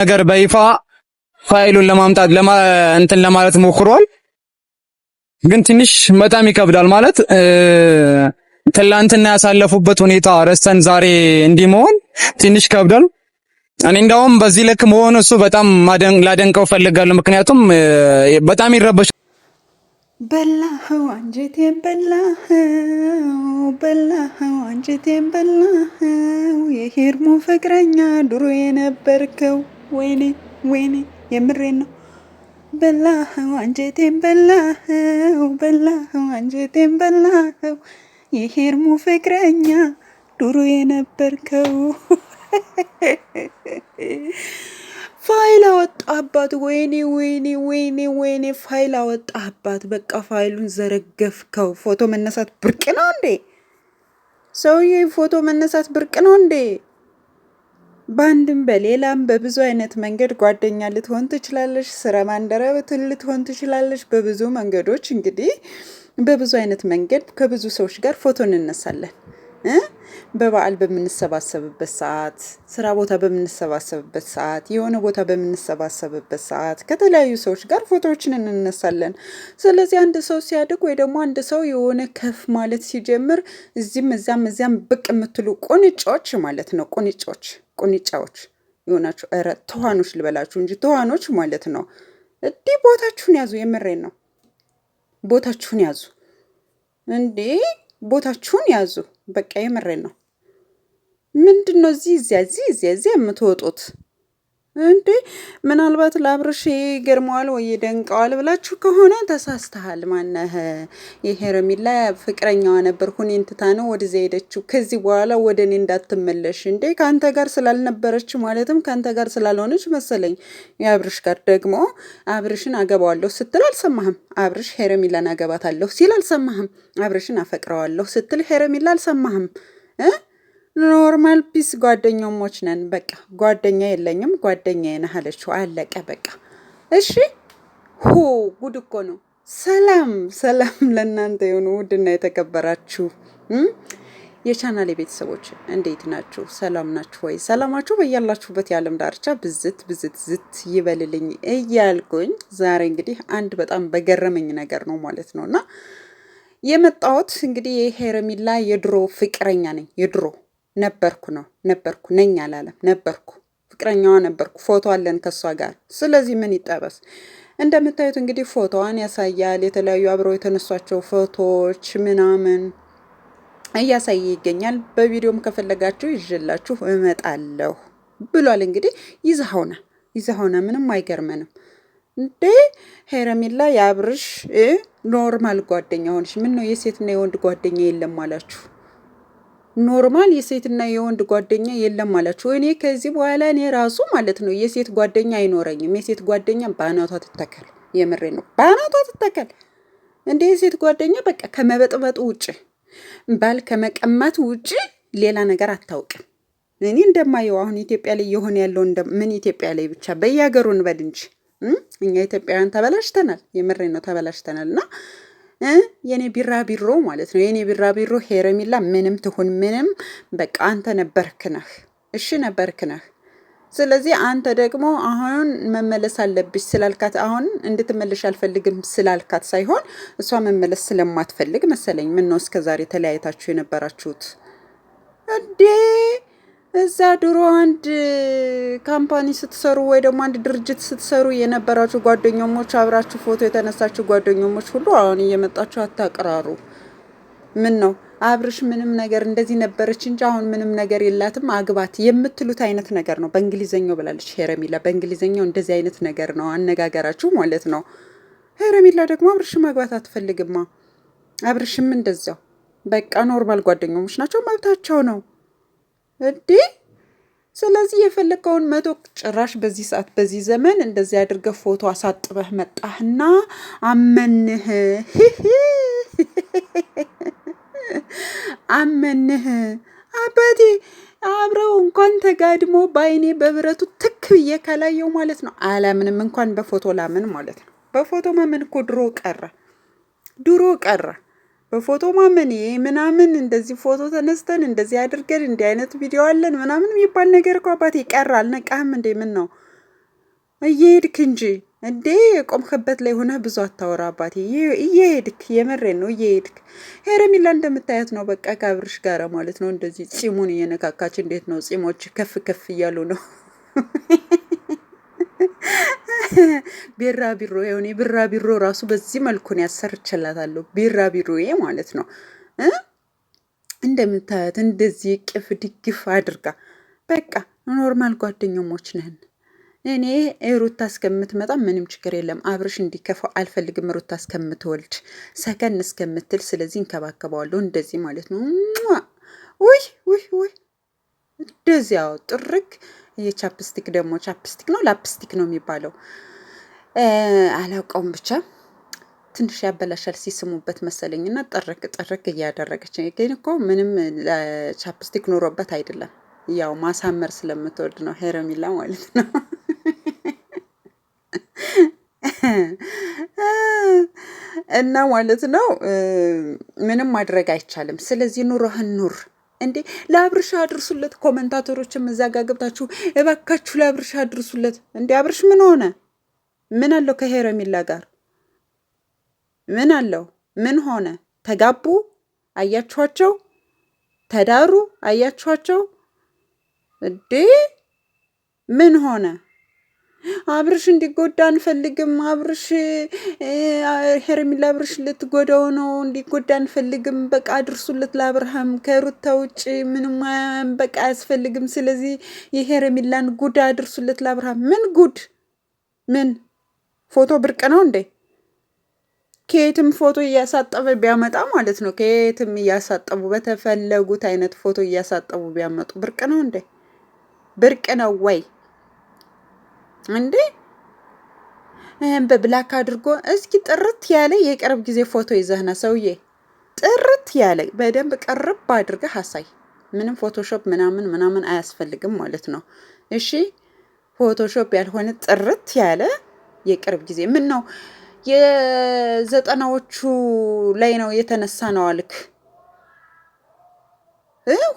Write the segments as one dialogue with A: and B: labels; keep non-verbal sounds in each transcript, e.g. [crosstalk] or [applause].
A: ነገር በይፋ ፋይሉን ለማምጣት እንትን ለማለት ሞክሯል። ግን ትንሽ በጣም ይከብዳል ማለት ትላንትና ያሳለፉበት ሁኔታ ረስተን ዛሬ እንዲህ መሆን ትንሽ ከብዳል። እኔ እንዳውም በዚህ ልክ መሆን እሱ በጣም ላደንቀው ፈልጋለሁ። ምክንያቱም በጣም ይረበሻል።
B: በላኸው አንጀቴን በላኸው በላኸው አንጀቴን በላኸው የሄርሞ ፍቅረኛ ድሮ የነበርከው ወይኔ ወይኔ፣ የምሬን ነው። በላኸው አንጀቴን፣ በላኸው፣ በላኸው አንጀቴን፣ በላኸው። የሄርሙ ፍቅረኛ ዱሮ የነበርከው [laughs] ፋይል አወጣህባት። ወይኔ ወይኔ ወይኔ ወይኔ፣ ፋይል አወጣህባት። በቃ ፋይሉን ዘረገፍከው። ፎቶ መነሳት ብርቅ ነው እንዴ? ሰውዬ ፎቶ መነሳት ብርቅ ነው እንዴ? በአንድም በሌላም በብዙ አይነት መንገድ ጓደኛ ልትሆን ትችላለች፣ ስረ ባልደረባ ልትሆን ትችላለች። በብዙ መንገዶች እንግዲህ በብዙ አይነት መንገድ ከብዙ ሰዎች ጋር ፎቶ እንነሳለን። በበዓል በምንሰባሰብበት ሰዓት፣ ስራ ቦታ በምንሰባሰብበት ሰዓት፣ የሆነ ቦታ በምንሰባሰብበት ሰዓት ከተለያዩ ሰዎች ጋር ፎቶዎችን እንነሳለን። ስለዚህ አንድ ሰው ሲያድግ ወይ ደግሞ አንድ ሰው የሆነ ከፍ ማለት ሲጀምር እዚህም እዚያም እዚያም ብቅ የምትሉ ቁንጮች ማለት ነው ቁንጮች ቁንጫዎች የሆናችሁ ረ ተዋኖች ልበላችሁ እንጂ ተዋኖች ማለት ነው። እንዲህ ቦታችሁን ያዙ። የምሬን ነው። ቦታችሁን ያዙ እንዴ! ቦታችሁን ያዙ። በቃ የምሬን ነው። ምንድን ነው እዚህ እዚያ እዚህ እዚያ እዚያ የምትወጡት? እንዴ ምናልባት ለአብርሽ ገርመዋል ወይ ደንቀዋል ብላችሁ ከሆነ ተሳስተሃል። ማነህ የሄረሚላ ፍቅረኛዋ ነበር፣ ሁኔን ትታ ነው ወደዚያ ሄደችው። ከዚህ በኋላ ወደ እኔ እንዳትመለሽ። እንዴ ከአንተ ጋር ስላልነበረች ማለትም ከአንተ ጋር ስላልሆነች መሰለኝ የአብርሽ ጋር ደግሞ አብርሽን አገባዋለሁ ስትል አልሰማህም። አብርሽ ሄረሚላን አገባታለሁ ሲል አልሰማህም። አብርሽን አፈቅረዋለሁ ስትል ሄረሚላ አልሰማህም። ኖርማል ፒስ ጓደኛሞች ነን። በቃ ጓደኛ የለኝም ጓደኛ ነህ አለቀ በቃ። እሺ ሆ ጉድ እኮ ነው። ሰላም ሰላም [laughs] ለእናንተ የሆኑ ውድና የተከበራችሁ የቻናሌ ቤተሰቦች እንዴት ናችሁ? ሰላም ናችሁ ወይ? ሰላማችሁ በያላችሁበት የዓለም ዳርቻ ብዝት ብዝት ዝት ይበልልኝ እያልኩኝ ዛሬ እንግዲህ አንድ በጣም በገረመኝ ነገር ነው ማለት ነው እና የመጣሁት እንግዲህ የሄረሚላ የድሮ ፍቅረኛ ነኝ የድሮ ነበርኩ ነው ነበርኩ ነኝ አላለም። ነበርኩ ፍቅረኛዋ ነበርኩ፣ ፎቶ አለን ከእሷ ጋር። ስለዚህ ምን ይጠበስ? እንደምታዩት እንግዲህ ፎቶዋን ያሳያል። የተለያዩ አብረው የተነሷቸው ፎቶዎች ምናምን እያሳየ ይገኛል። በቪዲዮም ከፈለጋችሁ ይዤላችሁ እመጣለሁ ብሏል። እንግዲህ ይዛሆና ይዛሆና ምንም አይገርመንም እንዴ ሄረሚላ የአብርሽ ኖርማል ጓደኛ ሆንሽ። ምን ነው የሴትና የወንድ ጓደኛ የለም አላችሁ? ኖርማል የሴትና የወንድ ጓደኛ የለም አላችሁ። እኔ ከዚህ በኋላ እኔ ራሱ ማለት ነው የሴት ጓደኛ አይኖረኝም። የሴት ጓደኛ በአናቷ ትተከል። የምሬ ነው፣ በአናቷ ትተከል። እንደ የሴት ጓደኛ በቃ ከመበጥበጡ ውጭ ባል ከመቀማት ውጭ ሌላ ነገር አታውቅም። እኔ እንደማየው አሁን ኢትዮጵያ ላይ የሆነ ያለው ምን ኢትዮጵያ ላይ ብቻ በየሀገሩ እንበል እንጂ እኛ ኢትዮጵያውያን ተበላሽተናል። የምሬ ነው ተበላሽተናል እና የኔ ቢራቢሮ ማለት ነው። የኔ ቢራቢሮ ሄረሚላ ምንም ትሁን ምንም በቃ አንተ ነበርክ ነህ። እሺ ነበርክ ነህ። ስለዚህ አንተ ደግሞ አሁን መመለስ አለብሽ ስላልካት አሁን እንድትመለሽ አልፈልግም ስላልካት ሳይሆን እሷ መመለስ ስለማትፈልግ መሰለኝ። ምን ነው እስከዛሬ ተለያይታችሁ የነበራችሁት እንዴ? እዛ ድሮ አንድ ካምፓኒ ስትሰሩ ወይ ደግሞ አንድ ድርጅት ስትሰሩ የነበራችሁ ጓደኞሞች አብራችሁ ፎቶ የተነሳችሁ ጓደኞሞች ሁሉ አሁን እየመጣችሁ አታቅራሩ። ምን ነው አብርሽ ምንም ነገር እንደዚህ ነበረች እንጂ አሁን ምንም ነገር የላትም አግባት የምትሉት አይነት ነገር ነው። በእንግሊዘኛው ብላለች ሄረሚላ። በእንግሊዘኛው እንደዚህ አይነት ነገር ነው አነጋገራችሁ ማለት ነው። ሄረሚላ ደግሞ አብርሽ ማግባት አትፈልግማ። አብርሽም እንደዚያው በቃ ኖርማል ጓደኞሞች ናቸው፣ መብታቸው ነው። እንዴ! ስለዚህ የፈለግከውን መቶ ጭራሽ በዚህ ሰዓት በዚህ ዘመን እንደዚህ አድርገህ ፎቶ አሳጥበህ መጣህና አመንህ [laughs] አመንህ አባቴ አብረው እንኳን ተጋድሞ በአይኔ በብረቱ ትክ ብዬ ካላየው ማለት ነው አላምንም። እንኳን በፎቶ ላምን ማለት ነው። በፎቶ ማመን እኮ ድሮ ቀረ፣ ድሮ ቀረ። በፎቶ ማመን ይሄ ምናምን እንደዚህ ፎቶ ተነስተን እንደዚህ አድርገን እንዲህ አይነት ቪዲዮ አለን ምናምን የሚባል ነገር እኮ አባቴ ይቀራል ነቃህም እንዴ? ምን ነው እየሄድክ እንጂ እንዴ የቆምክበት ላይ ሆነህ ብዙ አታወራ አባቴ። እየሄድክ የመሬን ነው እየሄድክ። ሄረሚላ እንደምታያት ነው በቃ ከአብርሽ ጋር ማለት ነው እንደዚህ ፂሙን እየነካካች እንዴት ነው ፂሞች ከፍ ከፍ እያሉ ነው [laughs] ቢራ ቢሮ የሆኔ ቢራ ቢሮ ራሱ በዚህ መልኩ ነው ያሰርችላታለሁ። ቢራ ቢሮዬ ማለት ነው። እንደምታያት እንደዚህ ቅፍ ድግፍ አድርጋ በቃ ኖርማል ጓደኞሞች ነን። እኔ ሩታ እስከምትመጣ ምንም ችግር የለም። አብርሽ እንዲከፋው አልፈልግም። ሩታ እስከምትወልድ ሰከን እስከምትል ስለዚህ እንከባከበዋለሁ። እንደዚህ ማለት ነው። ውይ ውይ ውይ እንደዚያው ጥርግ የቻፕስቲክ ደግሞ ቻፕስቲክ ነው ላፕስቲክ ነው የሚባለው አላውቀውም ብቻ ትንሽ ያበላሻል ሲስሙበት መሰለኝ እና ጠረቅ ጠረቅ እያደረገች ግን እኮ ምንም ቻፕስቲክ ኖሮበት አይደለም ያው ማሳመር ስለምትወድ ነው ሄረሚላ ማለት ነው [laughs] እና ማለት ነው ምንም ማድረግ አይቻልም ስለዚህ ኑሮህን ኑር እንዴ ለአብርሻ አድርሱለት። ኮመንታተሮችም እዛ ጋ ገብታችሁ እባካችሁ ለአብርሻ አድርሱለት። እንዴ አብርሽ ምን ሆነ? ምን አለው ከሄረሚላ ጋር ምን አለው? ምን ሆነ? ተጋቡ? አያችኋቸው? ተዳሩ? አያችኋቸው? እንዴ ምን ሆነ? አብርሽ እንዲጎዳ አንፈልግም። አብርሽ ሄርሜላ አብርሽ ልትጎዳው ነው፣ እንዲጎዳ አንፈልግም። በቃ አድርሱለት ለአብርሃም። ከሩታ ውጭ ምንም በቃ አያስፈልግም። ስለዚህ የሄረሚላን ጉድ አድርሱለት ለአብርሃም። ምን ጉድ ምን ፎቶ ብርቅ ነው እንዴ? ከየትም ፎቶ እያሳጠበ ቢያመጣ ማለት ነው። ከየትም እያሳጠቡ በተፈለጉት አይነት ፎቶ እያሳጠቡ ቢያመጡ ብርቅ ነው እንዴ? ብርቅ ነው ወይ? እንዴ በብላክ አድርጎ እስኪ ጥርት ያለ የቅርብ ጊዜ ፎቶ ይዘህነ ሰውዬ ጥርት ያለ በደንብ ቅርብ አድርገህ አሳይ። ምንም ፎቶሾፕ ምናምን ምናምን አያስፈልግም ማለት ነው። እሺ ፎቶሾፕ ያልሆነ ጥርት ያለ የቅርብ ጊዜ ምን ነው የዘጠናዎቹ ላይ ነው የተነሳ ነው አልክ።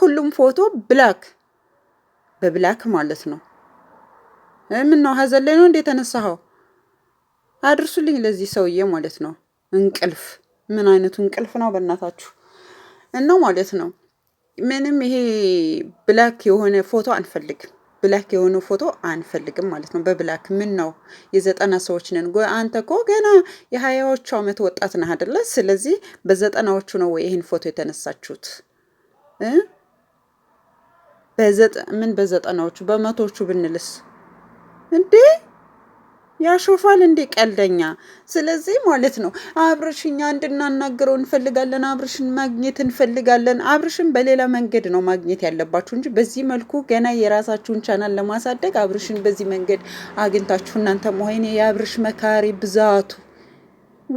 B: ሁሉም ፎቶ ብላክ በብላክ ማለት ነው። ምን ነው ሀዘን ላይ ነው እንዴ የተነሳኸው? አድርሱልኝ ለዚህ ሰውዬ ማለት ነው። እንቅልፍ ምን አይነቱ እንቅልፍ ነው በእናታችሁ? እና ማለት ነው ምንም ይሄ ብላክ የሆነ ፎቶ አንፈልግም፣ ብላክ የሆነ ፎቶ አንፈልግም ማለት ነው። በብላክ ምን ነው የዘጠና ሰዎች ነን። አንተ እኮ ገና የሀያዎቹ ዓመት ወጣት ነህ አደለ? ስለዚህ በዘጠናዎቹ ነው ወይ ይህን ፎቶ የተነሳችሁት? ምን በዘጠናዎቹ በመቶዎቹ ብንልስ እንዴ ያሾፋል እንዴ? ቀልደኛ። ስለዚህ ማለት ነው አብርሽ እንድናናገረው እንድናናግረው እንፈልጋለን። አብርሽን ማግኘት እንፈልጋለን። አብርሽን በሌላ መንገድ ነው ማግኘት ያለባችሁ እንጂ በዚህ መልኩ ገና የራሳችሁን ቻናል ለማሳደግ አብርሽን በዚህ መንገድ አግኝታችሁ እናንተ መሆኔ የአብርሽ መካሪ ብዛቱ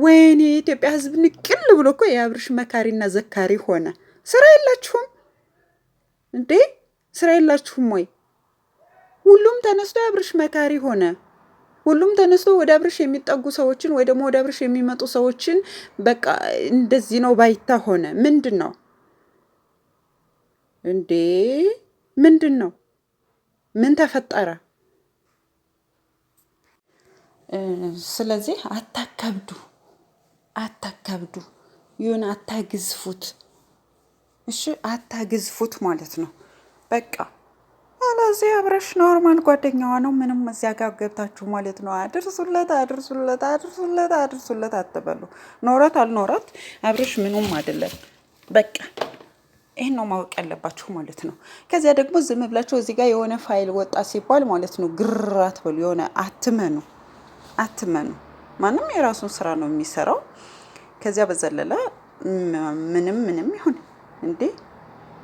B: ወይኔ የኢትዮጵያ ሕዝብ ንቅል ብሎ እኮ የአብርሽ መካሪና ዘካሪ ሆነ። ስራ የላችሁም እንዴ? ስራ የላችሁም ወይ? ሁሉም ተነስቶ የአብርሽ መካሪ ሆነ። ሁሉም ተነስቶ ወደ አብርሽ የሚጠጉ ሰዎችን ወይ ደግሞ ወደ አብርሽ የሚመጡ ሰዎችን በቃ እንደዚህ ነው ባይታ ሆነ። ምንድን ነው እንዴ? ምንድን ነው? ምን ተፈጠረ? ስለዚህ አታከብዱ፣ አታከብዱ ይሁን አታግዝፉት። እሺ አታግዝፉት ማለት ነው በቃ አለዚህ አብረሽ ኖርማል ጓደኛዋ ነው። ምንም እዚያ ጋር ገብታችሁ ማለት ነው። አድርሱለት አድርሱለት አድርሱለት አድርሱለት አትበሉ። ኖረት አልኖረት አብረሽ ምኑም አይደለም። በቃ ይህን ነው ማወቅ ያለባችሁ ማለት ነው። ከዚያ ደግሞ ዝም ብላችሁ እዚህ ጋር የሆነ ፋይል ወጣ ሲባል ማለት ነው ግር አትበሉ። የሆነ አትመኑ አትመኑ። ማንም የራሱን ስራ ነው የሚሰራው። ከዚያ በዘለለ ምንም ምንም ይሁን እንዴ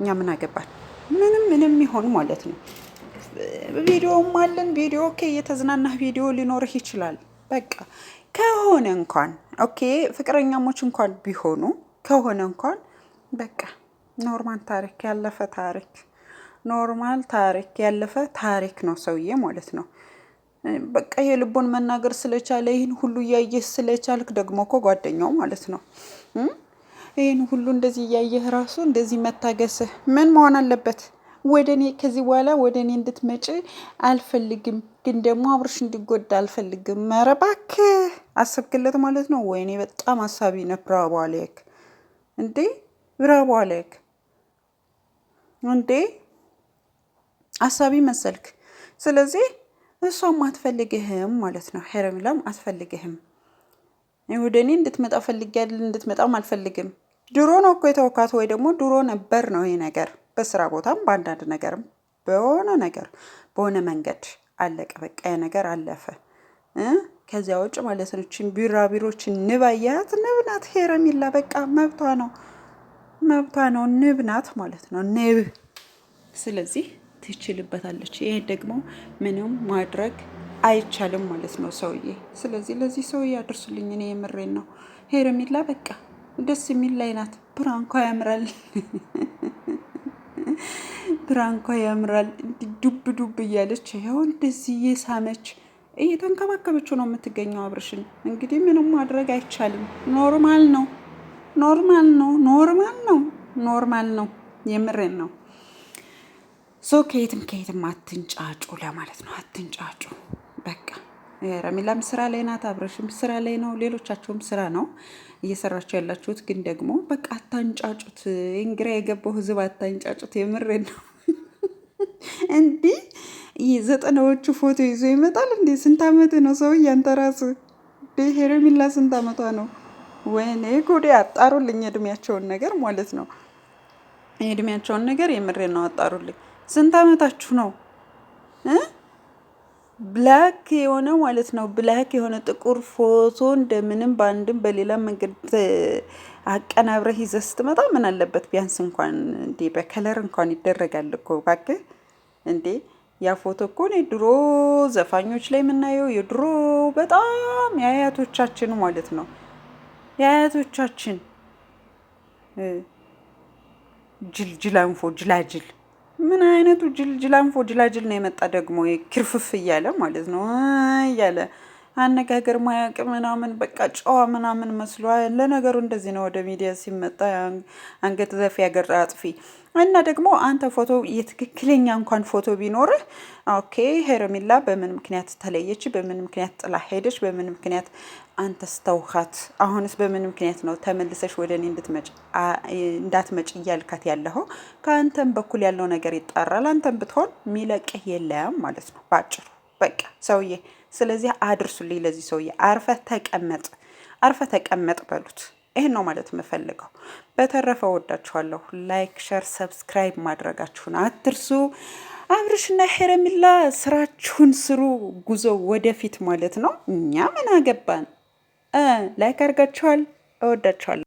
B: እኛ ምን አገባል ምንም ምንም ይሆን ማለት ነው። ቪዲዮም አለን ቪዲዮ ኦኬ፣ የተዝናናህ ቪዲዮ ሊኖርህ ይችላል። በቃ ከሆነ እንኳን ኦኬ፣ ፍቅረኛሞች እንኳን ቢሆኑ ከሆነ እንኳን በቃ ኖርማል ታሪክ ያለፈ ታሪክ ኖርማል ታሪክ ያለፈ ታሪክ ነው ሰውዬ ማለት ነው። በቃ የልቦን መናገር ስለቻለ ይህን ሁሉ እያየህ ስለቻልክ ደግሞ እኮ ጓደኛው ማለት ነው ይህን ሁሉ እንደዚህ እያየህ ራሱ እንደዚህ መታገስህ ምን መሆን አለበት? ወደ እኔ ከዚህ በኋላ ወደ እኔ እንድትመጪ አልፈልግም፣ ግን ደግሞ አብርሽ እንዲጎዳ አልፈልግም። ኧረ እባክህ አሰብክለት ማለት ነው። ወይኔ በጣም አሳቢ ነህ። ብራቦ አለክ እንዴ! ብራቦ አለክ እንዴ! አሳቢ መሰልክ። ስለዚህ እሷም አትፈልግህም ማለት ነው። ሄረሚላም አትፈልግህም። ወደ እኔ እንድትመጣ ፈልጊያል፣ እንድትመጣም አልፈልግም። ድሮ ነው እኮ የተወካት ወይ ደግሞ ድሮ ነበር ነው ይሄ ነገር። በስራ ቦታም በአንዳንድ ነገርም በሆነ ነገር በሆነ መንገድ አለቀ፣ በቃ ያ ነገር አለፈ። ከዚያ ውጭ ማለት ነው እችን ቢራቢሮችን ንብ አያት፣ ንብ ናት ሄረሚላ። በቃ መብቷ ነው መብቷ ነው፣ ንብ ናት ማለት ነው ንብ። ስለዚህ ትችልበታለች። ይሄ ደግሞ ምንም ማድረግ አይቻልም ማለት ነው ሰውዬ። ስለዚህ ለዚህ ሰውዬ አድርሱልኝ፣ እኔ የምሬን ነው ሄረሚላ በቃ ደስ የሚል ላይ ናት። ብራንኳ ያምራል፣ ብራንኳ ያምራል። ዱብ ዱብ እያለች ይኸው እንደዚህ እየሳመች እየተንከባከበችው ነው የምትገኘው። አብርሽን እንግዲህ ምንም ማድረግ አይቻልም። ኖርማል ነው፣ ኖርማል ነው፣ ኖርማል ነው፣ ኖርማል ነው። የምሬን ነው። ሶ ከየትም ከየትም አትንጫጩ ለማለት ነው። አትንጫጩ በቃ። ረሚላም ስራ ላይ ናት፣ አብረሽም ስራ ላይ ነው፣ ሌሎቻቸውም ስራ ነው እየሰራቸው ያላችሁት። ግን ደግሞ በቃ አታንጫጩት፣ እንግራ የገባው ህዝብ አታንጫጩት። የምሬ ነው። እንዲህ ዘጠናዎቹ ፎቶ ይዞ ይመጣል እንዴ! ስንት አመት ነው ሰው እያንተ ራስ ሄረሚላ ስንት አመቷ ነው? ወይኔ ጉዴ! አጣሩልኝ የእድሜያቸውን ነገር ማለት ነው። የእድሜያቸውን ነገር የምሬ ነው፣ አጣሩልኝ። ስንት አመታችሁ ነው? ብላክ የሆነ ማለት ነው። ብላክ የሆነ ጥቁር ፎቶ እንደምንም በአንድም በሌላ መንገድ አቀናብረህ ይዘህ ስትመጣ ምን አለበት ቢያንስ እንኳን እንዴ በከለር እንኳን ይደረጋል እኮ እባክህ እንዴ። ያ ፎቶ እኮ እኔ ድሮ ዘፋኞች ላይ የምናየው የድሮ በጣም የአያቶቻችን ማለት ነው የአያቶቻችን ጅልጅላንፎ ጅላጅል ምን አይነቱ ጅልጅላንፎ ጅላጅል ነው የመጣ ደግሞ ክርፍፍ እያለ ማለት ነው እያለ አነጋገር ማያውቅ ምናምን በቃ ጨዋ ምናምን መስሎ ለነገሩ እንደዚህ ነው ወደ ሚዲያ ሲመጣ አንገት ዘፊ ያገር አጥፊ እና ደግሞ አንተ ፎቶ የትክክለኛ እንኳን ፎቶ ቢኖርህ ኦኬ፣ ሄረሚላ በምን ምክንያት ተለየች? በምን ምክንያት ጥላ ሄደች? በምን ምክንያት አንተ ስተውካት? አሁንስ በምን ምክንያት ነው ተመልሰሽ ወደ እኔ እንዳትመጭ እያልካት ያለኸው? ከአንተም በኩል ያለው ነገር ይጣራል። አንተም ብትሆን ሚለቅህ የለም ማለት ነው በአጭሩ። በቃ ሰውዬ ስለዚህ አድርሱልኝ ለዚህ ሰውዬ። አርፈ ተቀመጥ፣ አርፈ ተቀመጥ በሉት። ይህን ነው ማለት የምፈልገው። በተረፈ ወዳችኋለሁ። ላይክ፣ ሸር፣ ሰብስክራይብ ማድረጋችሁን አትርሱ። አብርሽና ሄረሚላ ስራችሁን ስሩ። ጉዞ ወደፊት ማለት ነው። እኛ ምን አገባን? ላይክ አድርጋችኋል። እወዳችኋለሁ።